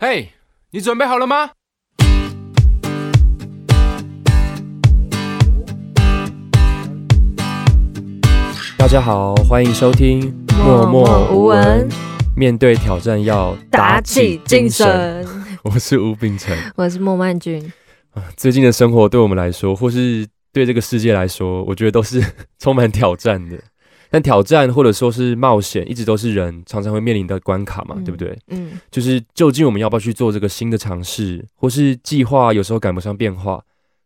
嘿、hey,，hey, 你準備好了嗎？大家好，歡迎收聽莫莫莫文。默默無聞，面對挑戰要打起精神。我是吳秉辰，我是, 我是莫曼君。啊，最近的生活對我們來說，或是對這個世界來說，我覺得都是充滿挑戰的。但挑戰或者說是冒險，一直都是人常常會面臨的關卡嘛、嗯，對不對？嗯，就是究竟我們要不要去做這個新的嘗試，或是計劃有時候趕不上變化，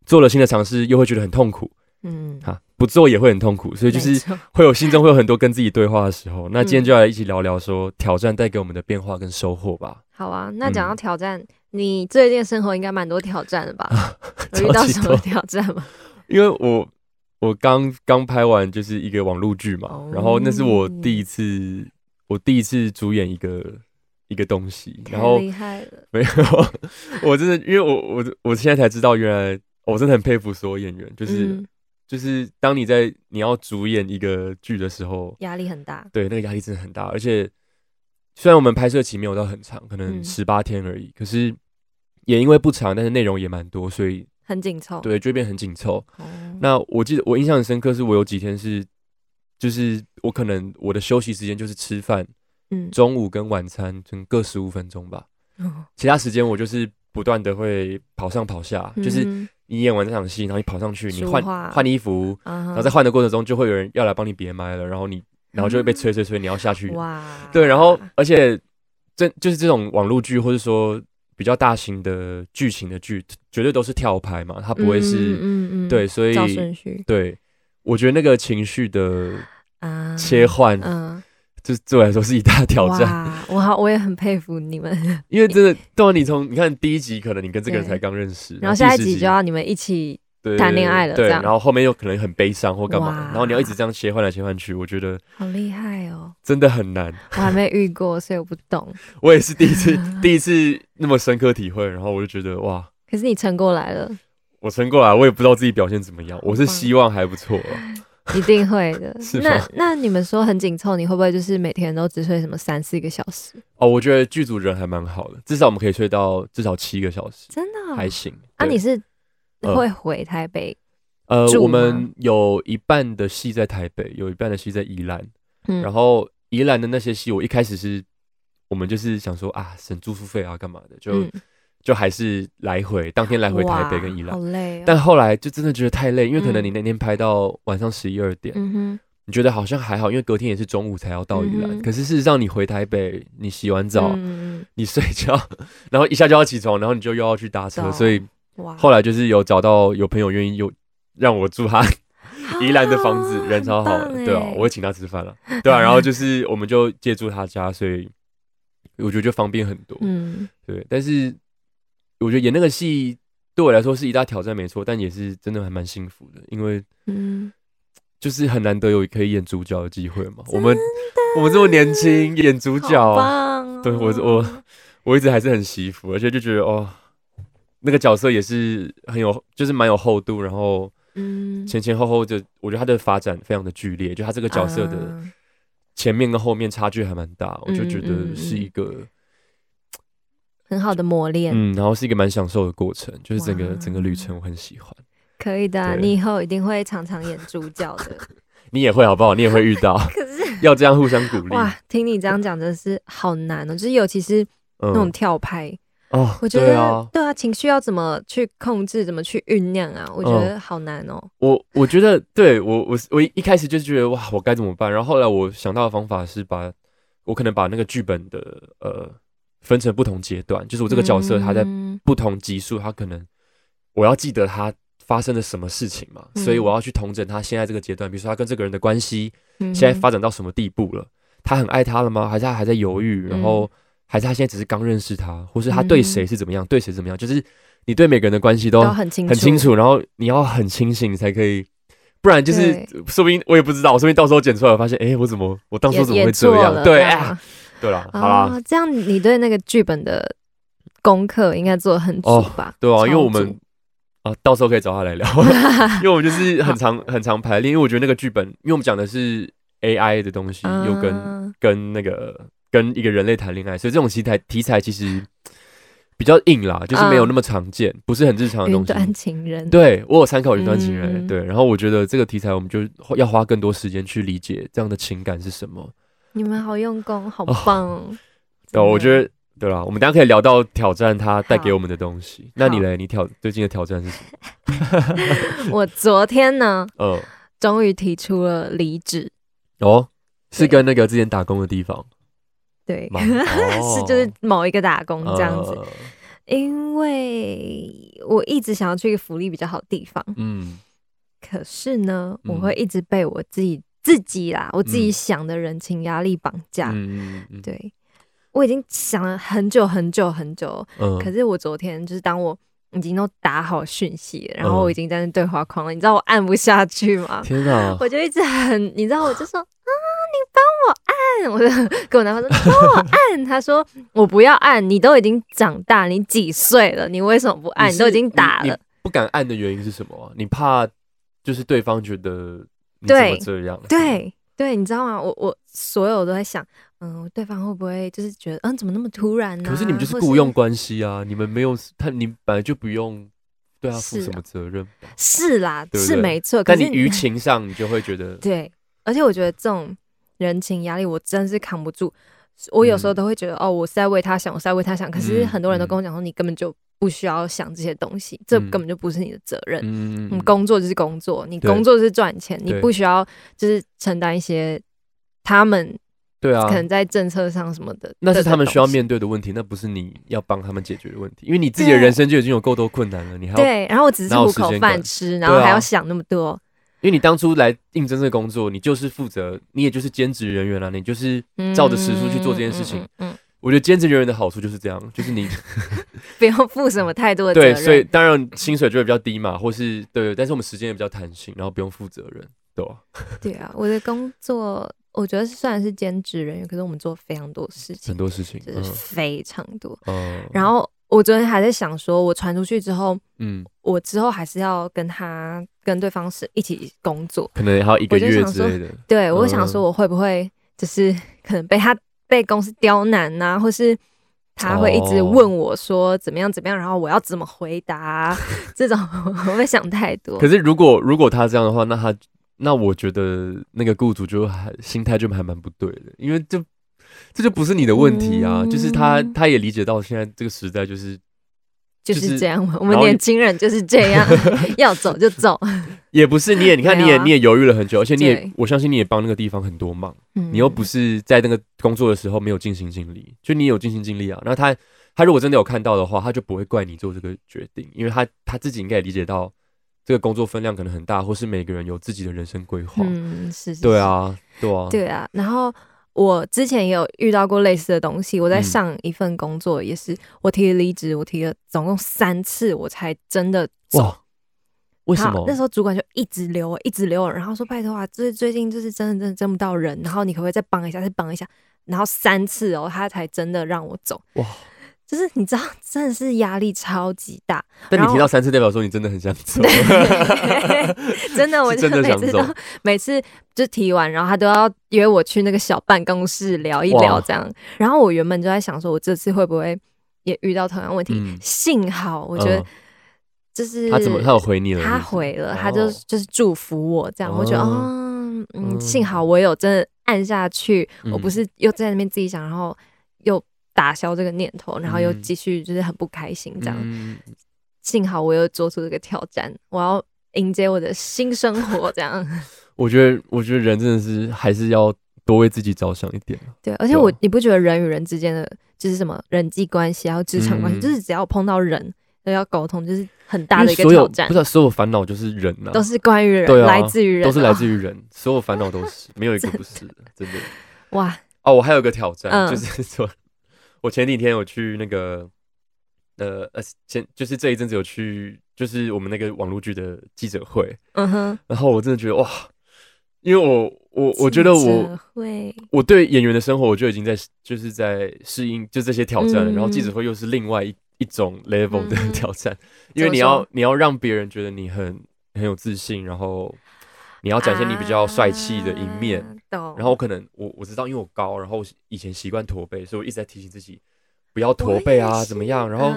做了新的嘗試又會覺得很痛苦，嗯，哈，不做也會很痛苦，所以就是會有心中會有很多跟自己對話的時候。那今天就來一起聊聊說挑戰帶給我們的變化跟收穫吧。好啊，那講到挑戰、嗯，你最近生活應該蠻多挑戰的吧？啊、遇到什麼挑戰嗎？因為我。我剛剛拍完就是一個網絡劇嘛，oh, 然後那是我第一次，嗯、我第一次主演一個一個東西，太厲害了，然後沒有，我真的，因為我我我現在才知道，原來我真的很佩服所有演員，就是、嗯、就是當你在你要主演一個劇的時候，壓力很大，對，那個壓力真的很大。而且雖然我們拍攝期沒有到很長，可能十八天而已、嗯，可是也因為不長，但是內容也蠻多，所以。很緊湊，對，就變很緊湊，嗯。那我記得我印象很深刻，是我有幾天是，就是我可能我的休息時間就是吃飯，嗯，中午跟晚餐整個十五分鐘吧，嗯。其他時間我就是不斷的會跑上跑下，嗯，就是你演完這場戲，然後你跑上去，嗯，你換換衣服，嗯，然後在換的過程中就會有人要來幫你別麥了，然後你然後就會被催催催，嗯，你要下去。哇，對，然後而且這就是這種網絡劇，或者說。比較大型的劇情的劇，絕對都是跳拍嘛，它不會是，嗯嗯嗯、對，所以照順序，對，我覺得那個情緒的切換、嗯嗯，就對我來說是一大挑戰。我好，我也很佩服你們， 因為真的，當 你從你看第一集，可能你跟這個人才剛認識，然後下一集就要你們一起。對，談戀愛了，對，然後後面又可能很悲傷或幹嘛，然後你要一直這樣切換來切換去，我覺得好厲害哦，真的很難，哦、 我還沒遇過，所以我不懂。 我也是第一次，第一次那麼深刻體會，然後我就覺得哇，可是你撐過來了，我撐過來，我也不知道自己表現怎麼樣，我是希望還不錯哦， 一定會的。 是那那你們說很緊湊，你會不會就是每天都只睡什麼三四個小時？ 哦，我覺得劇組人還蠻好的，至少我們可以睡到至少七個小時，真的、哦、還行啊？你是？呃、會回台北。呃，我們有一半的戲在台北，有一半的戲在宜蘭。嗯，然後宜蘭的那些戲，我一開始是，我們就是想說啊，省住宿費啊，幹嘛的，就、嗯、就還是來回，當天來回台北跟宜蘭、好累哦。但後來就真的覺得太累，因為可能你那天拍到、嗯、晚上十一二點、嗯，你覺得好像還好，因為隔天也是中午才要到宜蘭、嗯。可是事實上，你回台北，你洗完澡，嗯、你睡覺， 然後一下就要起床，然後你就又要去搭車，所以。後來就是有找到有朋友願意又讓我住他宜蘭的房子，人超好，對啊，我請他吃飯了，對啊，然後就是我們就借住他家，所以我覺得就方便很多，嗯，對。但是我覺得演那個戲對我來說是一大挑戰，沒錯，但也是真的還蠻幸福的，因為嗯，就是很難得有可以演主角的機會嘛，我們我們這麼年輕演主角，對，我我我一直還是很惜福，而且就覺得哦。那個角色也是很有，就是蠻有厚度。然後，前前後後就我覺得他的發展非常的劇烈，嗯，就他這個角色的前面跟後面差距還蠻大，嗯，我就覺得是一個、嗯、很好的磨練。嗯，然後是一個蠻享受的過程，就是整個整個旅程我很喜歡。可以的、啊，你以後一定會常常演主角的。 你也會好不好？你也會遇到， 可是，要這樣互相鼓勵。哇，聽你這樣講，真的是好難哦。 就是尤其是那種跳拍。嗯哦、oh，我覺得對啊，情緒要怎麼去控制，啊、怎麼去醞釀啊？Oh, 我覺得好難哦。我我覺得，對我我我一,一開始就覺得哇，我該怎麼辦？然後後來我想到的方法是把，把我可能把那個劇本的呃分成不同階段，就是我這個角色他在不同級數，mm -hmm. 他可能我要記得他發生了什麼事情嘛，mm -hmm. 所以我要去統整他現在這個階段，比如說他跟這個人的關係現在發展到什麼地步了，mm -hmm. 他很愛他了嗎？還是他還在猶豫？Mm -hmm. 然後。還是他現在只是剛認識他，或是他對誰是怎麼樣，嗯、對誰怎麼樣，就是你對每個人的關係都，都很清楚，然後你要很清醒才可以，不然就是說不定我也不知道，我說不定到時候剪出來我發現，哎、欸，我怎麼我當初怎麼會這樣？對，對了、啊啊哦，好了，這樣你對那個劇本的功課應該做得很足吧、哦？對啊，因為我們啊，到時候可以找他來聊， 因為我們就是很常、很常排練，因為我覺得那個劇本，因為我們講的是 AI 的東西，嗯、又跟跟那個。跟一個人類談戀愛，所以這種題材題材其實比較硬啦，就是沒有那麼常見，uh, 不是很日常的東西。雲端情人，對我有參考雲端情人、嗯。對，然後我覺得這個題材我們就要花更多時間去理解這樣的情感是什麼。你們好用功，好棒、哦！對、oh,，oh, 我覺得對啦，我們大家可以聊到挑戰它帶給我們的東西。那你嘞？你挑最近的挑戰是什麼？ 我昨天呢，呃，終於提出了離職。哦、oh,，是跟那個之前打工的地方。對，哦、 是就是某一個打工這樣子，呃，因為我一直想要去一個福利比較好的地方，嗯，可是呢，嗯，我會一直被我自己自己啦，我自己想的人情壓力綁架。嗯對嗯嗯，我已經想了很久很久很久，嗯，可是我昨天就是當我已經都打好訊息，嗯，然後我已經在那對話框了，嗯，你知道我按不下去嗎？天啊，我就一直很，你知道，我就說啊，你幫我。按，我就跟我男朋友說幫我按， 他說我不要按，你都已經長大，你幾歲了？你為什麼不按？你，你都已經打了，不敢按的原因是什麼、啊？你怕就是對方覺得你怎麼這樣？對對，對，你知道嗎？我我所有我都在想，嗯、呃，對方會不會就是覺得，嗯、呃，怎麼那麼突然、啊？呢？可是你們就是雇傭關係啊是，你們沒有他，你本來就不用對他負什麼責任。是啦、啊，是沒錯。可是你於情上，你就會覺得對，而且我覺得這種。人情壓力，我真是扛不住。我有時候都會覺得，嗯、哦，我是在為他想，我是在為他想。可是很多人都跟我講說，你根本就不需要想這些東西、嗯，這根本就不是你的責任。嗯，你工作就是工作，你工作就是賺錢，你不需要就是承擔一些他們對啊，可能在政策上什麼的、啊，那是他們需要面對的問題，那不是你要幫他們解決的問題。因為你自己的人生就已經有夠多困難了，你還要對，然後我只是糊口飯吃，然後還要想那麼多。因為你當初來應徵這個工作，你就是負責，你也就是兼職人員啊。你就是照着時數去做這件事情，嗯嗯嗯嗯。嗯，我覺得兼職人員的好處就是這樣，就是你 不用付什麼太多的責任。對，所以當然薪水就會比較低嘛，或是，對，但是我們時間也比較彈性，然後不用負責任，對吧、啊？對啊，我的工作我覺得是算是兼職人員，可是我們做非常多事情，很多事情、就是、非常多。嗯，嗯然後。我昨天還在想說，我傳出去之後，嗯，我之後還是要跟他跟對方是一起工作，可能還要一個月之類的。對，我想說，嗯，我，會想說我會不會就是可能被他被公司刁難啊，或是他會一直問我說怎麼樣怎麼樣，然後我要怎麼回答啊，哦。這種我會想太多。 可是如果如果他這樣的話，那他那我覺得那個僱主就還心態就還蠻不對的，因為就。這就不是你的問題啊、嗯，就是他，他也理解到現在這個時代就是就是這樣，就是、我們年輕人就是這樣， 要走就走。也不是，你也你看你也，啊，你也你也猶豫了很久，而且你也我相信你也幫那個地方很多忙，你又不是在那個工作的時候沒有盡心盡力、嗯，就你也有盡心盡力啊。那他他如果真的有看到的話，他就不會怪你做這個決定，因為他他自己應該也理解到這個工作分量可能很大，或是每個人有自己的人生規劃。嗯，是，是，是，對啊，對啊，對啊，然後。我之前也有遇到過類似的東西，我在上一份工作也是，嗯、我提離職，我提了總共三次，我才真的走。哇，為什麼？那時候主管就一直留我，一直留我，然後說拜托啊，就是最近就是真的真的徵不到人，然後你可不可以再幫一下，再幫一下，然後三次哦，他才真的讓我走哇。就是你知道，真的是壓力超級大。但你提到三次，代表說你真的很想走。真的，我 真的想走。我就每次都每次就提完，然後他都要約我去那個小辦公室聊一聊，這樣。然後我原本就在想，說我這次會不會也遇到同樣問題？嗯、幸好我覺得，就、呃、是他怎麼他有回你了？他回了，哦、他就就是祝福我這樣。哦、我覺得、哦，嗯，幸好我有真的按下去，嗯、我不是又在那邊自己想，然後又。打消這個念頭，然後又繼續就是很不開心這樣。嗯嗯、幸好我又做出這個挑戰，我要迎接我的新生活這樣。我覺得，我覺得人真的是還是要多為自己着想一點。對，而且我、啊、你不覺得人與人之間的就是什麼人際關係，還有職場關係、嗯，就是只要碰到人都要溝通，就是很大的一個挑戰。不是、啊、所有煩惱就是人吶、啊，都是關於人、啊，來自於人、啊，都是來自於人、哦，所有煩惱都是沒有一個不是的 真的，真的。哇哦，我還有一個挑戰、嗯、就是說。我前幾天有去那個，呃呃，前就是這一陣子有去，就是我們那個網絡劇的記者會，嗯哼，然後我真的覺得哇，因為我我我覺得我記者會我對演員的生活，我就已經在就是在適應，就這些挑戰了、嗯、然後記者會又是另外一一種 level 的挑戰，嗯、因為你要你要讓別人覺得你很很有自信，然後。你要展現你比較帥氣的一面，啊、然後可能我我知道，因為我高，然後以前習慣駝背，所以我一直在提醒自己不要駝背啊，怎麼樣？然後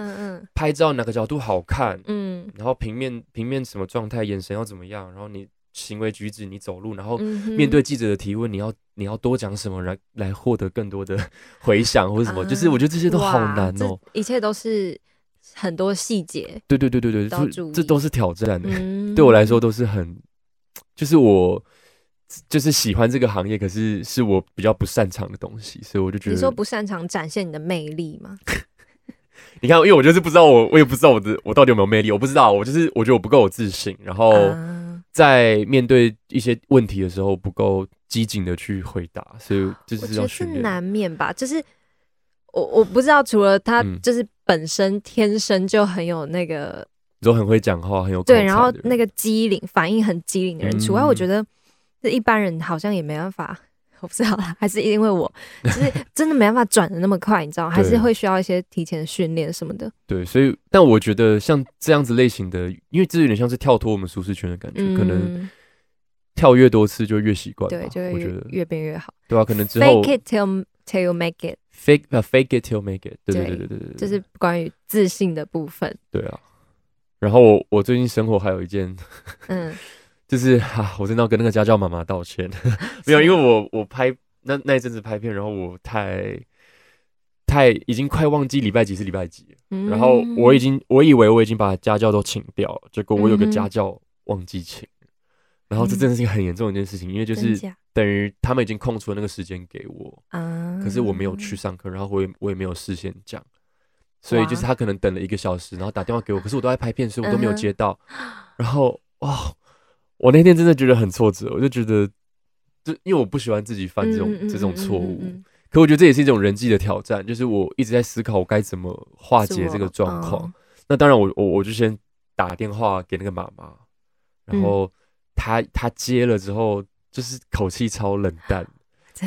拍照哪個角度好看？嗯，然後平面平面什麼狀態，眼神要怎麼樣？然後你行為舉止，你走路，然後面對記者的提問，你要你要多講什麼來來獲得更多的迴響或者什麼、嗯？就是我覺得這些都好難哦，一切都是很多細節，對對對對對，這這都是挑戰的、嗯，對我來說都是很。就是我，就是喜歡這個行業，可是是我比較不擅長的東西，所以我就覺得。你說不擅長展現你的魅力嗎？ 你看，因為我就是不知道我，我也不知道我的我到底有沒有魅力，我不知道，我就是我覺得我不夠有自信，然後在面對一些問題的時候不夠機警的去回答，所以就是也是難免吧。就是我我不知道，除了他，就是本身天生就很有那個。都很會講話，很有的，對，然後那個機靈、反應很機靈的人，嗯、除外，我覺得這一般人好像也沒辦法，我不知道啦，還是因為我就是真的沒辦法轉得那麼快， 你知道還是會需要一些提前訓練什麼的。對，所以，但我覺得像這樣子類型的，因為這有點像是跳脫我們舒適圈的感覺、嗯，可能跳越多次就越習慣，對，就會覺得越變越好，對啊，可能之後，fake it till till make it，fake，uh, fake it till make it，對對對對對，對，對，就是關於自信的部分，對啊。然後我我最近生活還有一件，嗯， 就是哈、啊，我真的要跟那個家教媽媽道歉， 沒有，因為我我拍那那一陣子拍片，然後我太太已經快忘記禮拜幾是禮拜幾了，嗯。然後我已經我以為我已經把家教都請掉了，結果我有個家教忘記請，嗯。然後這真的是一個很嚴重的一件事情，因為就是等於他們已經空出了那個時間給我，嗯。可是我沒有去上課，然後我也我也沒有事先講。所以就是他可能等了一個小時，然後打電話給我，可是我都在拍片，所以我都沒有接到。嗯、然後哦，我那天真的覺得很挫折，我就覺得，就因為我不喜歡自己犯這種嗯嗯嗯嗯嗯嗯這種錯誤，可我覺得這也是一種人際的挑戰，就是我一直在思考我該怎麼化解這個狀況。哦。那當然我，我我我就先打電話給那個媽媽，然後她她、嗯、接了之後，就是口氣超冷淡。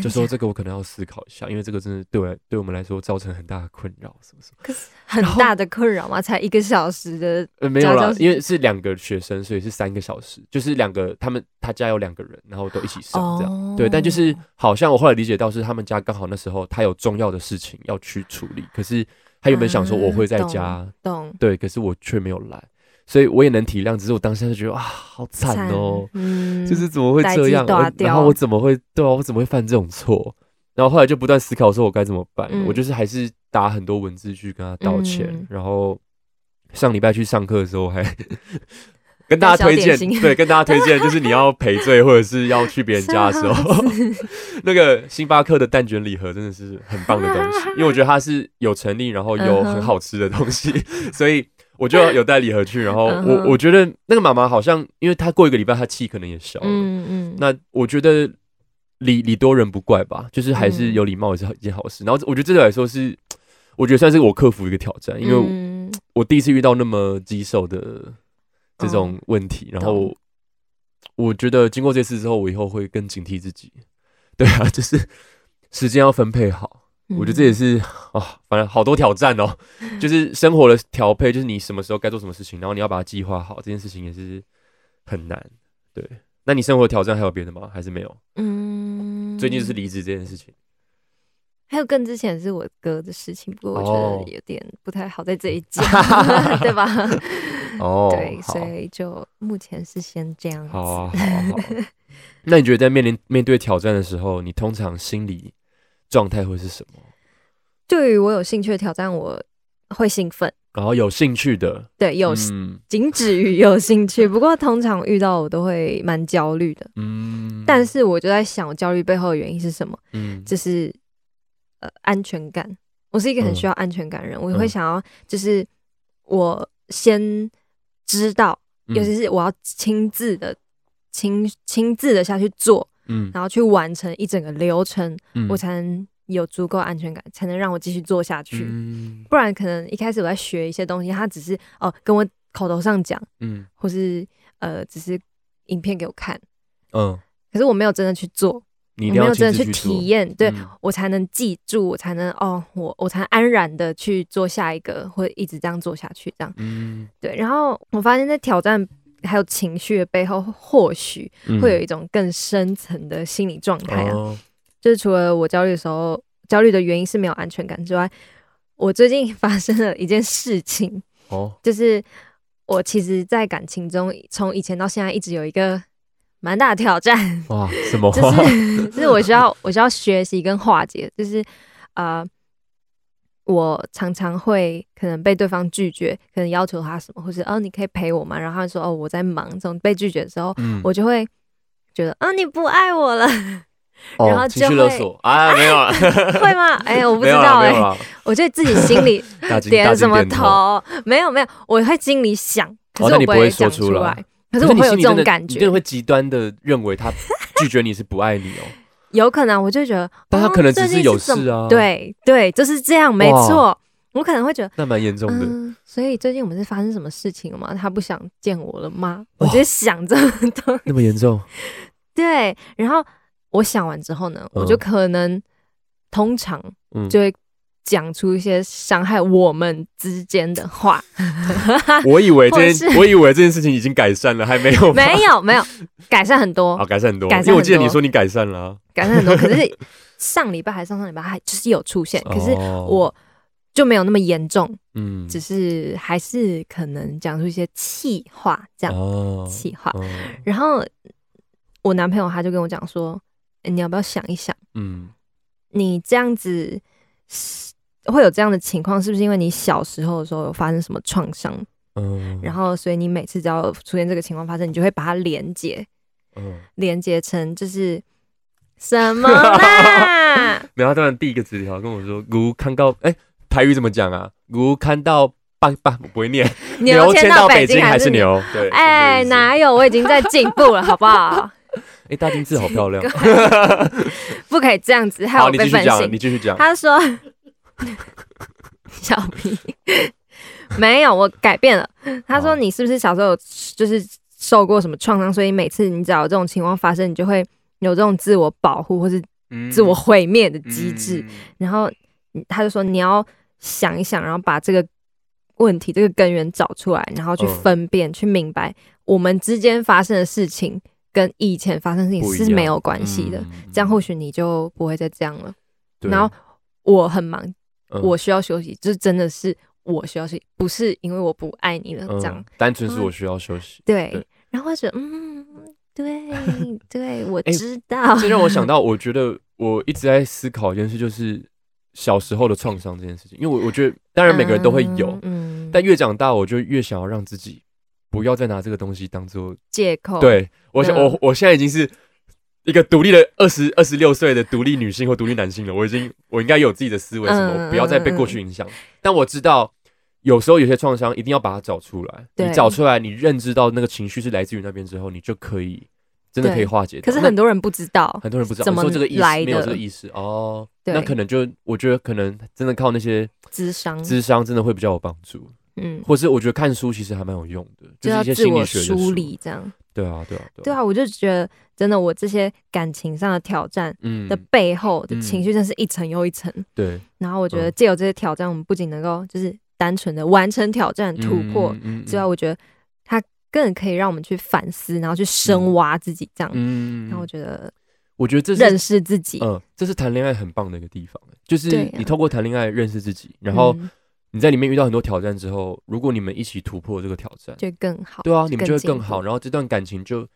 就說這個，我可能要思考一下，因為這個真的對我對我們來說造成很大的困擾，是不是？很大的困擾嗎？才一個小時的教教？呃，沒有了，因為是兩個學生，所以是三個小時。就是兩個，他們他家有兩個人，然後都一起生這樣。哦、對，但就是好像我後來理解到是他們家剛好那時候他有重要的事情要去處理，可是他原本想說我會在家。嗯、對，可是我卻沒有來。所以我也能體諒，只是我當下就覺得啊，好慘哦、喔嗯，就是怎麼會這樣？然後我怎麼會對啊？我怎麼會犯這種錯？然後後來就不斷思考說，我該怎麼辦、嗯？我就是還是打很多文字去跟他道歉。嗯、然後上禮拜去上課的時候，我還 跟大家推薦，對，跟大家推薦就是你要賠罪，或者是要去別人家的時候， 那個星巴克的蛋捲禮盒真的是很棒的東西， 因為我覺得它是有誠意，然後有很好吃的東西，呃、 所以。我就要有帶禮盒去，然後我、嗯、我覺得那個媽媽好像，因為她過一個禮拜，她氣可能也消了。嗯嗯，那我覺得禮禮多人不怪吧，就是還是有禮貌也是一件好事。嗯、然後我覺得這次來說是，我覺得算是我克服一個挑戰、嗯，因為我第一次遇到那麼棘手的這種問題。嗯、然後我覺得經過這次之後，我以後會更警惕自己。對啊，就是時間要分配好。我覺得這也是啊、哦，反正好多挑戰哦，就是生活的調配，就是你什麼時候該做什麼事情，然後你要把它計劃好，這件事情也是很難。對，那你生活的挑戰還有別的嗎？還是沒有？嗯，最近就是離職這件事情，還有更之前是我哥的事情，不過我覺得有點不太好在這裡講、哦， 對吧？哦，對，所以就目前是先這樣子。好啊好啊好啊好啊、 那你覺得在面臨面對挑戰的時候，你通常心裡？狀態會是什麼？對於我有興趣的挑戰，我會興奮。然後、哦、有興趣的，對，有、嗯、僅止於有興趣。不過通常遇到我都會蠻焦慮的。嗯，但是我就在想，我焦慮背後的原因是什麼？嗯，就是呃安全感。我是一個很需要安全感的人，嗯、我會想要就是我先知道，嗯、尤其是我要親自的親親自的下去做。嗯、然後去完成一整個流程，嗯，我才能有足夠安全感，才能讓我繼續做下去。嗯、不然可能一開始我在學一些東西，他只是哦跟我口頭上講，嗯，或是呃只是影片給我看，嗯，可是我沒有真的去做，你要親自去做，我沒有真的去體驗，嗯、對我才能記住，我才能哦我我才安然的去做下一個，或者一直這樣做下去這樣。嗯，對，然後我發現在挑戰。還有情緒的背後，或許會有一種更深層的心理狀態啊。嗯。就是除了我焦慮的時候，焦慮的原因是沒有安全感之外，我最近發生了一件事情。哦，就是我其實，在感情中，從以前到現在，一直有一個蠻大的挑戰。哇，什麼？ 就是，就是我需要，我需要學習跟化解，就是，呃。我常常會可能被對方拒絕，可能要求他什麼，或是哦你可以陪我嗎？然後他說哦我在忙，這種被拒絕的時候，嗯、我就會覺得啊、哦、你不愛我了，哦、然後就會啊沒有，會嗎？哎呀我不知道，我就自己心裡點什麼頭， 麼頭頭沒有沒有，我會心裡想，可是我不會，哦、不會說出來，可是我會有這種感覺，就是會極端的認為他拒絕你是不愛你哦。 有可能，我就覺得，但他可能只是有事啊、哦。對對，就是這樣，沒錯。我可能會覺得那蠻嚴重的、呃。所以最近我們是發生什麼事情了嗎？他不想見我了嗎？哦、我就想這麼多。那麼嚴重。 對，然後我想完之後呢，嗯、我就可能通常就會。講出一些傷害我們之間的話， 我以為這件，我以為這件事情已經改善了，還沒有？ 沒有沒有，改善很多，好，改善很多，改善很多。因為我記得你說你改善了，改善很多。可是上禮拜還上上禮拜還就是有出現， 可是我就沒有那麼嚴重，嗯、oh.，只是還是可能講出一些氣話這樣，氣、oh. 話。Oh. 然後我男朋友他就跟我講說、欸：“你要不要想一想？嗯、oh.，你這樣子。”會有這樣的情況，是不是因為你小時候的時候有發生什麼創傷？嗯，然後所以你每次只要出現這個情況發生，你就會把它連接、嗯，連接成就是什麼？然 後、 啊、當然第一個紙條跟我說，如看到，哎、欸，台語怎麼講啊？如看到半半，我不會念。牛牽到，到北京還是牛？對，哎、欸，哪有？我已經在進步了，好不好？哎、 欸，大金字好漂亮， 不可以這樣子，還有你繼續講你繼續講，他說。 小皮皮笑，沒有，我改變了。他說：“你是不是小時候就是受過什麼創傷，所以每次你只要有這種情況發生，你就會有這種自我保護或是自我毀滅的機制、嗯嗯？”然後他就說：“你要想一想，然後把這個問題、這個根源找出來，然後去分辨、嗯、去明白，我們之間發生的事情跟以前發生的事情是沒有關係的、嗯。這樣或許你就不會再這樣了。”然後我很忙。嗯、我需要休息，就是真的是我需要休息，不是因為我不愛你了這樣，嗯、單純是我需要休息。嗯、對，對，然後我就，嗯，對 對，我知道。這、欸、讓我想到，我覺得我一直在思考一件事，就是小時候的創傷這件事情，因為我我覺得，當然每個人都會有，嗯，但越長大，我就越想要讓自己不要再拿這個東西當做借口。對，我想，嗯、我我現在已經是。一個獨立的二十二十六歲的獨立女性或獨立男性了，我已經我應該有自己的思維，什麼、嗯、不要再被過去影響、嗯嗯。但我知道，有時候有些創傷一定要把它找出來。你找出來，你認知到那個情緒是來自於那邊之後，你就可以真的可以化解。可是很多人不知道，很多人不知道，怎麼說這個意思，沒有這個意思。哦。那可能就我覺得可能真的靠那些諮商，諮商真的會比較有幫助。嗯，或是我覺得看書其實還蠻有用的，就是自我就是一些心理學的書，梳理這樣對、啊。對啊，對啊，對啊。我就覺得真的，我這些感情上的挑戰，嗯，的背後的情緒真是一層又一層。對、嗯。然後我覺得，借由這些挑戰，我們不僅能夠就是單純的完成挑戰、突破，嗯，嗯嗯之外，我覺得它更可以讓我們去反思，然後去深挖自己這樣。嗯嗯。然後我覺得，我覺得這是認識自己，嗯，這是談戀愛很棒的一個地方，就是你透過談戀愛認識自己，啊、然後。你在裡面遇到很多挑戰之後，如果你們一起突破這個挑戰，就更好。對啊，你們就會更好，然後這段感情就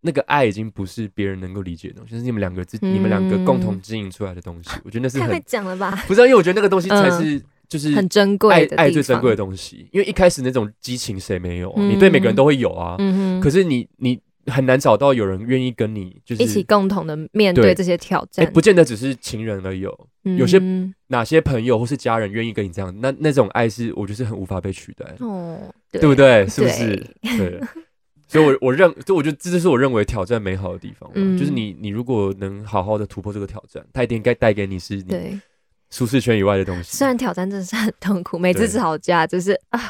那個愛已經不是別人能夠理解的、嗯，就是你們兩個自你們兩個共同經營出來的東西。嗯、我覺得那是很太會講了吧？不知道、啊，因為我覺得那個東西才是就是、呃、很珍貴的愛，愛最珍貴的東西。因為一開始那種激情誰沒有、啊嗯？你對每個人都會有啊。嗯可是你你。很難找到有人願意跟你就是一起共同的面對這些挑戰，欸、不見得只是情人而已，嗯，有些哪些朋友或是家人願意跟你這樣，那那種愛是我就是很無法被取代，哦對，對不對？是不是？對，對 所以我，我我認，就我覺得這就是我認為挑戰美好的地方，嗯，就是你你如果能好好的突破這個挑戰，他一定該帶給你是。你。對舒適圈以外的東西，雖然挑戰真的是很痛苦，每次吵架就是啊，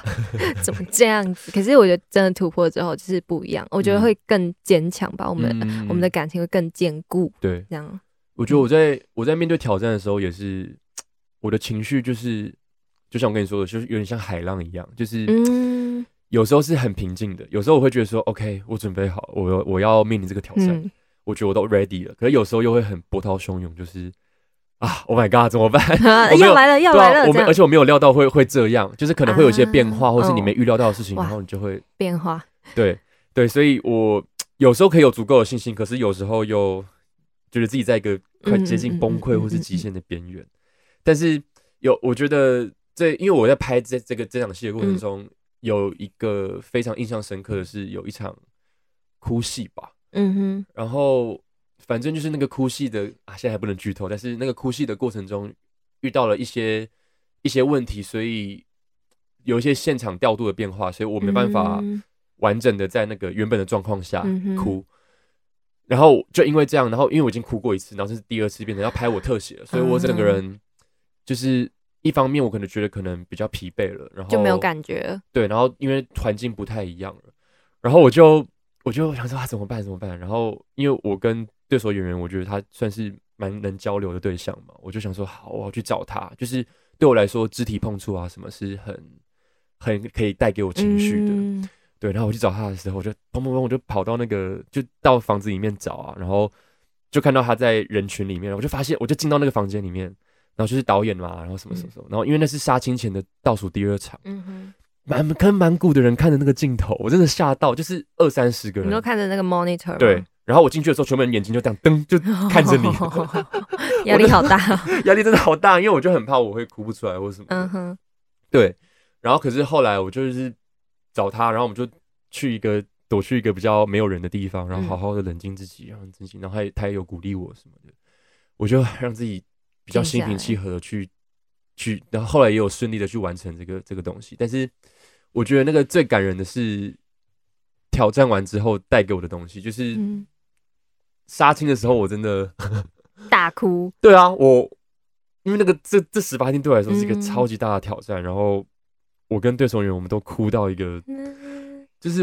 怎麼這樣子？ 可是我覺得真的突破了之後就是不一樣，嗯、我覺得會更堅強吧。我們、嗯、我們的感情會更堅固。對，這樣。我覺得我在、嗯、我在面對挑戰的時候，也是我的情緒就是，就像我跟你說的，就是有點像海浪一樣，就是、嗯、有時候是很平靜的，有時候我會覺得說，OK，我準備好，我我要面臨這個挑戰、嗯，我覺得我都 ready 了。可是有時候又會很波濤洶湧，就是。 啊！Oh my god，怎麼辦？ 我？要來了，要來了！啊、我而且我沒有料到會會這樣，就是可能會有一些變化，uh, 或是你沒預料到的事情，然後你就會變化。對對，所以我有時候可以有足夠的信心，可是有時候又覺得自己在一個快接近崩潰或是極限的邊緣、嗯嗯嗯嗯嗯。但是有，我覺得這因為我在拍這這個這場戲的過程中、嗯，有一個非常印象深刻的是有一場哭戲吧。嗯哼，然後。反正就是那個哭戲的啊，現在還不能劇透，但是那個哭戲的過程中遇到了一些一些問題，所以有一些現場調度的變化，所以我沒辦法完整的在那個原本的狀況下哭、嗯。然後就因為這樣，然後因為我已經哭過一次，然後這是第二次變成要拍我特寫了、嗯，所以我整個人就是一方面我可能覺得可能比較疲憊了，然後就沒有感覺，對，然後因為環境不太一樣了，然後我就我就想說啊怎麼辦怎麼辦？然後因為我跟對手演員，我覺得他算是蠻能交流的對象嘛，我就想說好，我要去找他。就是對我來說，肢體碰觸啊什麼是很很可以帶給我情緒的、嗯。對，然後我去找他的時候，我就砰砰砰，我就跑到那個就到房子裡面找啊，然後就看到他在人群裡面，我就發現我就進到那個房間裡面，然後就是導演嘛，然後什麼什麼什麼，然後因為那是殺青前的倒數第二場，嗯哼，滿坑滿谷的人看着那個鏡頭，我真的嚇到，就是二三十個人你都看着那個 monitor，對。 然後我進去的時候，全部人眼睛就這樣瞪，就看着你、oh,，壓、oh, oh, oh. 力好大、哦，壓 力真的好大，因為我就很怕我會哭不出來或什麼。嗯、uh -huh. 對。然後可是後來我就是找他，然後我們就去一個躲去一個比較沒有人的地方，然後好好的冷靜自己，讓自己。然後他也他也有鼓勵我什麼的，我就讓自己比較心平氣和的去去、啊。然後後來也有順利的去完成這個這個東西。但是我覺得那個最感人的是挑戰完之後帶給我的東西，就是。 嗯殺青的時候，我真的 大哭。對啊，我因為那個這這十八天對我來說是一個超級大的挑戰、嗯，然後我跟對手演員我們都哭到一個，嗯、就是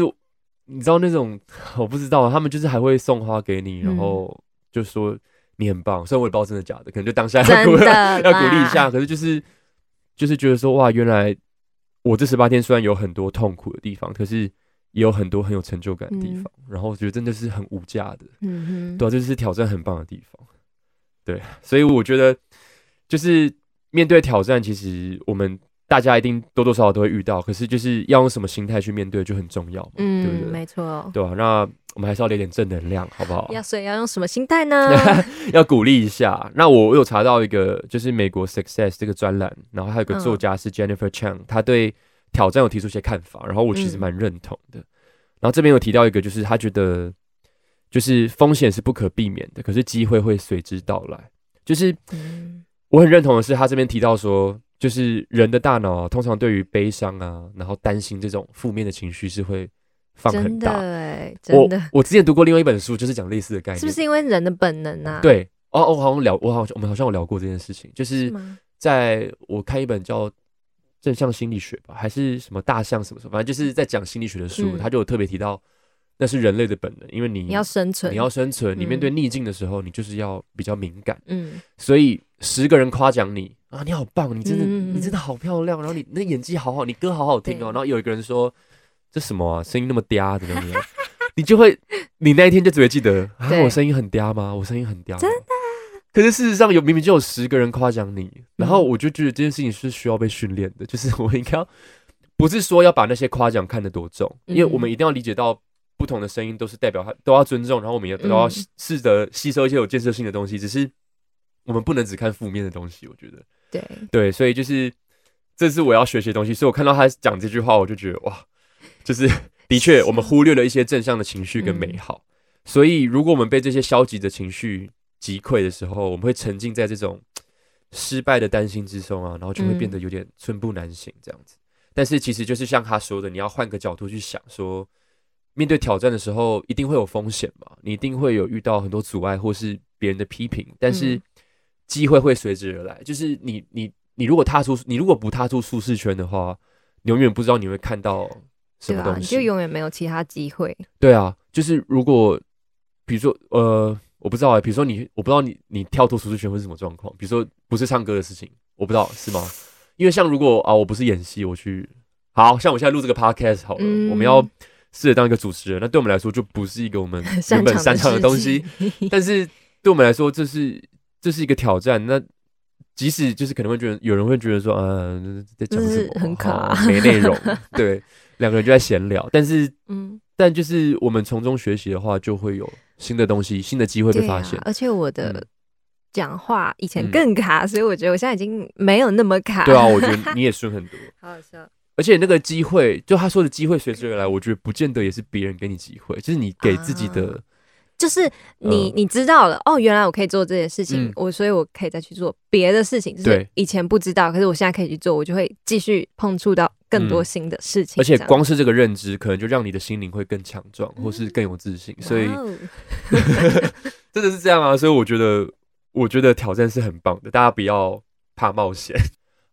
你知道那種我不知道、啊，他們就是還會送花給你，然後就說你很棒。雖、嗯、然我也不知道真的假的，可能就當下要，要鼓勵一下，可是就是就是覺得說哇，原來我這十八天雖然有很多痛苦的地方，可是。也有很多很有成就感的地方，嗯、然後我覺得真的是很無價的，嗯哼，對啊，這是挑戰很棒的地方，對，所以我覺得就是面對挑戰，其實我們大家一定多多少少都會遇到，可是就是要用什麼心態去面對就很重要，嗯，對不對？沒錯，對啊，那我們還是要點點正能量，好不好？要，所以要用什麼心態呢？ 要鼓勵一下。那我有查到一個就是美國 Success 這個專欄，然後還有一個作家是 Jennifer Chang，他、嗯、對。挑戰有提出一些看法，然後我其實蠻認同的。嗯、然後這邊有提到一個，就是他覺得就是風險是不可避免的，可是機會會隨之到來。就是我很認同的是，他這邊提到說，就是人的大腦、啊、通常對於悲傷啊，然後擔心這種負面的情緒是會放很大。對、欸，真的。我，我之前讀過另外一本書，就是講類似的概念，是不是因為人的本能啊？對，哦，哦，我好像聊，我好像我們好，好像有聊過這件事情，就是在我看一本叫正向心理學吧，還是什麼大象什麼什麼，反正就是在講心理學的書，嗯、他就有特別提到，那是人類的本能，因為你你要生存，你要生存，嗯，你面對逆境的時候，你就是要比較敏感，嗯，所以十個人誇獎你啊，你好棒，你真的、嗯、你真的好漂亮，嗯、然後你那演技好好，你歌好好聽哦，然後有一個人說這什麼啊，聲音那麼嗲怎麼怎麼樣 你就會你那一天就只會記得啊，我聲音很嗲嗎？我聲音很嗲嗎？可是事實上有明明就有十個人誇獎你，然後我就覺得這件事情是需要被訓練的，就是我應該要不是說要把那些誇獎看得多重，因為我們一定要理解到不同的聲音都是代表他都要尊重，然後我們也都要試着吸收一些有建設性的東西，只是我們不能只看負面的東西。我覺得對對，所以就是這是我要學習的東西。所以我看到他講這句話，我就覺得哇，就是的確我們忽略了一些正向的情緒跟美好。所以如果我們被這些消極的情緒，擊潰的時候，我們會沉浸在這種失敗的擔心之中啊，然後就會變得有點寸步難行這樣子。嗯、但是，其實就是像他說的，你要換個角度去想說，說面對挑戰的時候，一定會有風險嘛，你一定會有遇到很多阻礙或是別人的批評，但是機會會隨之而來，嗯。就是你，你，你如果踏出，你如果不踏出舒適圈的話，你永遠不知道你會看到什麼東西，你、啊、就永遠沒有其他機會。對啊，就是如果比如說，呃。我不知道啊、欸，比如說你，我不知道你你跳脫舒適圈會是什麼狀況。比如說不是唱歌的事情，我不知道是嗎？因為像如果啊，我不是演戲，我去，好像我現在錄這個 podcast 好了，嗯、我們要試着當一個主持人，那對我們來說就不是一個我們原本擅長的東西的，但是對我們來說這是這是一個挑戰。 那即使就是可能會覺得有人會覺得說，嗯、呃，在講什麼，很卡沒內容， 對，兩個人就在閒聊，但是嗯，但就是我們從中學習的話，就會有。新的東西、新的機會被發現，啊、而且我的講話以前更卡、嗯，所以我覺得我現在已經沒有那麼卡。對啊，我覺得你也順很多， 好，好笑。而且那個機會，就他說的機會隨之而來，我覺得不見得也是別人給你機會，就是你給自己的、啊。就是你你知道了、嗯、哦，原來我可以做這些事情，我、嗯、所以我可以再去做別的事情。對、就是，以前不知道，可是我現在可以去做，我就會繼續碰觸到更多新的事情。而且光是這個認知，可能就讓你的心靈會更強壯、嗯，或是更有自信。哦、所以呵呵真的是這樣啊！所以我覺得，我覺得挑戰是很棒的，大家不要怕冒險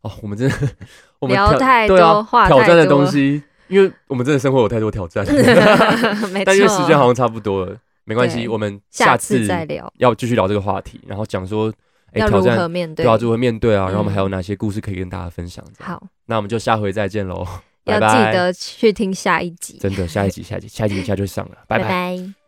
哦。我們真的，我們聊太多話、啊，挑戰的東西，因為我們真的生活有太多挑戰。 但因為時間好像差不多了。 沒關係，我們下次，下次再聊，要繼續聊這個話題，然後講說、欸、要如何面對，挑戰，對啊，如何，如何面對啊、嗯，然後我們還有哪些故事可以跟大家分享？好，那我們就下回再見嘍，要記得去聽下一集， 真的，下一集，下一集，下一集一下就上了， 拜拜。拜拜。